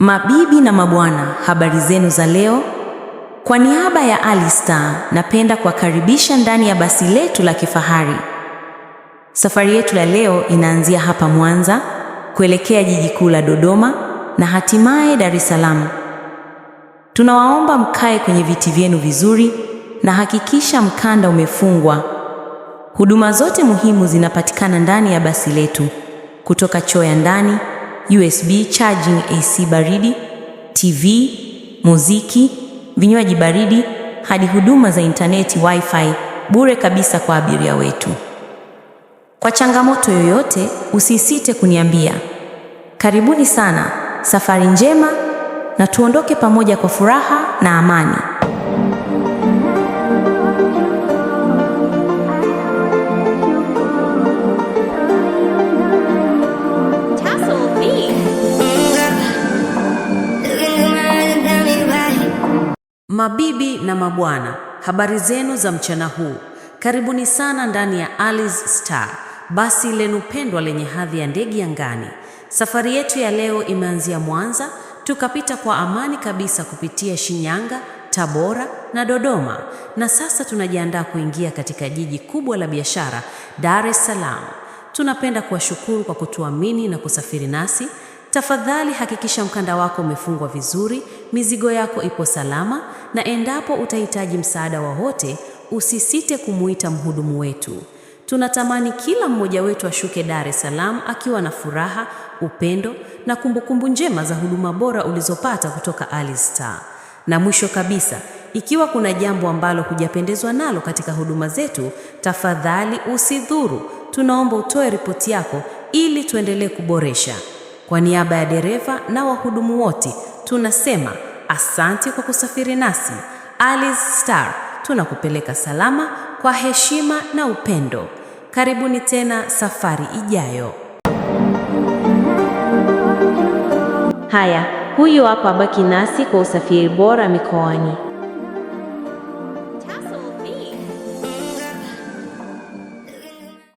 Mabibi na mabwana, habari zenu za leo. Kwa niaba ya alista napenda kuwakaribisha ndani ya basi letu la kifahari. Safari yetu ya leo inaanzia hapa Mwanza kuelekea jiji kuu la Dodoma na hatimaye Dar es Salaam. Tunawaomba mkae kwenye viti vyenu vizuri na hakikisha mkanda umefungwa. Huduma zote muhimu zinapatikana ndani ya basi letu, kutoka choo ya ndani USB charging, AC baridi, TV, muziki, vinywaji baridi hadi huduma za intaneti wifi bure kabisa kwa abiria wetu. Kwa changamoto yoyote, usisite kuniambia. Karibuni sana, safari njema, na tuondoke pamoja kwa furaha na amani. Mabibi na mabwana, habari zenu za mchana huu. Karibuni sana ndani ya Alice Star, basi lenu pendwa lenye hadhi ya ndege angani. Safari yetu ya leo imeanzia Mwanza, tukapita kwa amani kabisa kupitia Shinyanga, Tabora na Dodoma, na sasa tunajiandaa kuingia katika jiji kubwa la biashara, Dar es Salaam. Tunapenda kuwashukuru kwa kutuamini na kusafiri nasi. Tafadhali hakikisha mkanda wako umefungwa vizuri, mizigo yako ipo salama, na endapo utahitaji msaada wowote, usisite kumuita mhudumu wetu. Tunatamani kila mmoja wetu ashuke Dar es Salaam akiwa na furaha, upendo na kumbukumbu njema za huduma bora ulizopata kutoka Ali Star. Na mwisho kabisa, ikiwa kuna jambo ambalo hujapendezwa nalo katika huduma zetu, tafadhali usidhuru. Tunaomba utoe ripoti yako ili tuendelee kuboresha. Kwa niaba ya dereva na wahudumu wote tunasema asante kwa kusafiri nasi. Alice Star tunakupeleka salama kwa heshima na upendo. Karibuni tena safari ijayo. Haya, huyu hapa, baki nasi kwa usafiri bora mikoani.